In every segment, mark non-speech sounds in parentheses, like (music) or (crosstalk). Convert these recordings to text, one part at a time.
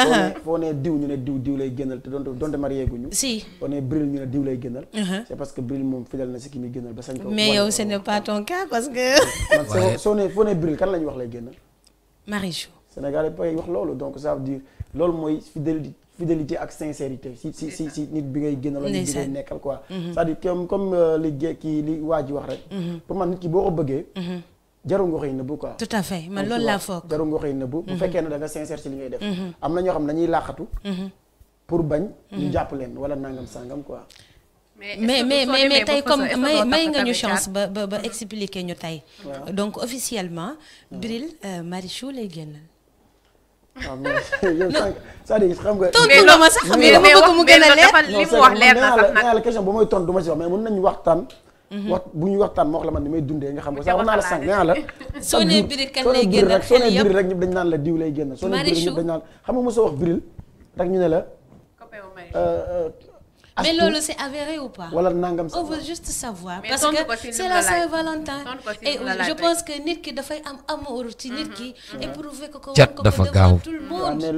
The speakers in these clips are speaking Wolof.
Uh-huh. foo ne diw ñu ne diw diw lay génnal te donte donte marié guñu si foo ne bril ñu ne diw lay génnal uh-huh. c'est parce que bril moom fidèle na si ki muy génnal ba sañ foo ne bril kan la wax lay génnal Marichou Sénégal yi pay wax loolu donc ça veut dire mooy fidélité ak sincérité si si si nit bi ngay génnal nit bi nekkal quoi mm-hmm. c'est-à-dire comme comme euh, li kii li waa ji wax rek mm-hmm. pour man nit ki boo ko bëggee mm-hmm. jarul nga xëy nëbbu quoi. tout à fait man loolu laa foog. jarul nga xëy nëbbu. bu mhm. fekkee ne da nga sincère ci li ngay def. Mhm. am na ñoo xam ne dañuy mhm. pour bañ. ñu jàpp leen wala nangam sangam quoi. mais mais mais ba ba ba expliquer ñu tey. donc officiellement. Bril euh, Marichou lay ah, mais la (laughs) ma sax mais dama bëgg a na sax nag non c'est que question bu may tontu du ma ci wax mais mën nañu waxtaan. Mhm. wax bu ñuy waxtaan ma wax man ni may dundee nga xam ko sax wax naa la sànq naa la soo nee biril kan lay dañ naan la diw lay génn soo nee biril xam nga mosoo wax biril ñu ne la euh, euh, mais loolu c'est avéré ou wala nangam on veut juste parce que c'est la saint que nit ki dafay am amour ci mhm. Mhm. ko ko dafa gaaw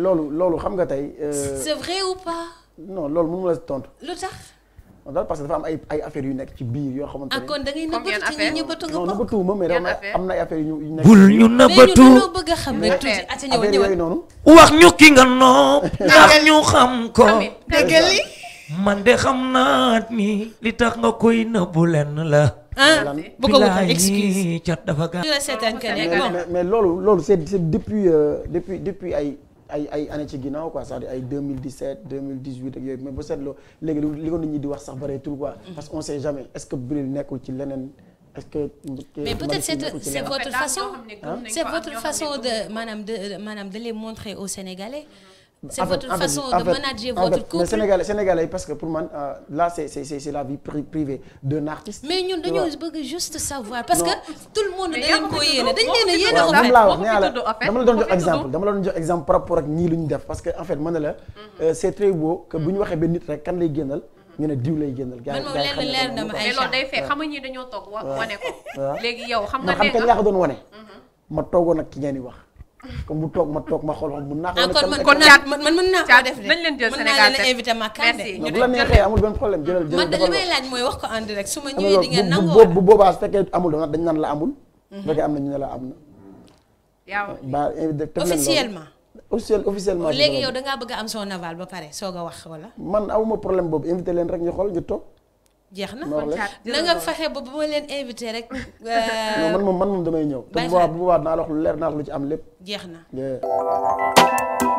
loolu loolu xam nga tey euh, c'est vrai loolu mënu ma la tontu lu tax daal parce que am ay ay affaires yu nekk ci biir yoo xamante ah, ne. kon da ngay nëbbatu ci ñi ñëbbatu nga bokk non nëbbatu ma ay affaires yu bul ñu nëbbatu a xam wax ñu ki nga noob. (laughs) ndax ñu xam ko. man de xam naa ni li tax nga koy nëbbu lenn la. ah bu ko wutal dafa gaaw. mais loolu loolu c'est euh, depuis depuis ay. ay ay année ci ginnaaw quoi c'est-à-dire ay 2017 2018 ak yooyu mais ba seetloo léegi li ko nit ñi di wax sax bareetul quoi mm-hmm. parce que on sait jamais est-ce que Bril nekkul ci leneen mais peut-être c'est votre façon de maanaam de maanaam de les montrer aux Sénégalais. c'est votre en fait, façon en fait, de manager en fait, votre couple mais Sénégalais Sénégalais parce que pour man euh, là c'est c'est c'est la vie privée d'un artiste. mais ñun dañoo bëgg juste savoir. parce non. que tout le monde. da leen ko yéene dañ leen a yéene a dama la wax nee la dama la doon jox exemple dama la doon jox exemple par rapport ak ñii lu ñu def parce que en fait man la. Mm-hmm. Euh, c'est très beau que bu ñu mm-hmm. waxee benn nit rek kan lay génnal. Mm-hmm. ñu ne diw lay génnal. gars yi gars yi xam nañu ko mais loolu day fekk xam nga ñii dañoo toog wane ko. léegi yow xam nga nee nga ma xam nga yaa ko doon wane. ma toogoon ak ki ngeen di wax comme bu toog ma toog ma xool bu naax. Ah, kon man man mën naa def de. nañ leen jël Sénégal teg invité ma kan de. ñu bu la li may laaj mooy wax ko en direct su ma ñëwee di ngeen nangoo bu boobaa su fekkee amul doon dañ naan la amul. Mhm. fekkee am na ñu ne la am na. yaaw ba invité def officiellement. officiel officiellement. léegi yow da bëgg a am son aval ba pare soog a wax wala. man awuma problème boobu invité leen rek ñu xool ñu toog jeex na na nga fexe ba ba leen invité rek. (laughs) Euh, non man moom man moom damay ñëw. te bu boobaa naa la leer naa la lu ci am lépp. jeex na.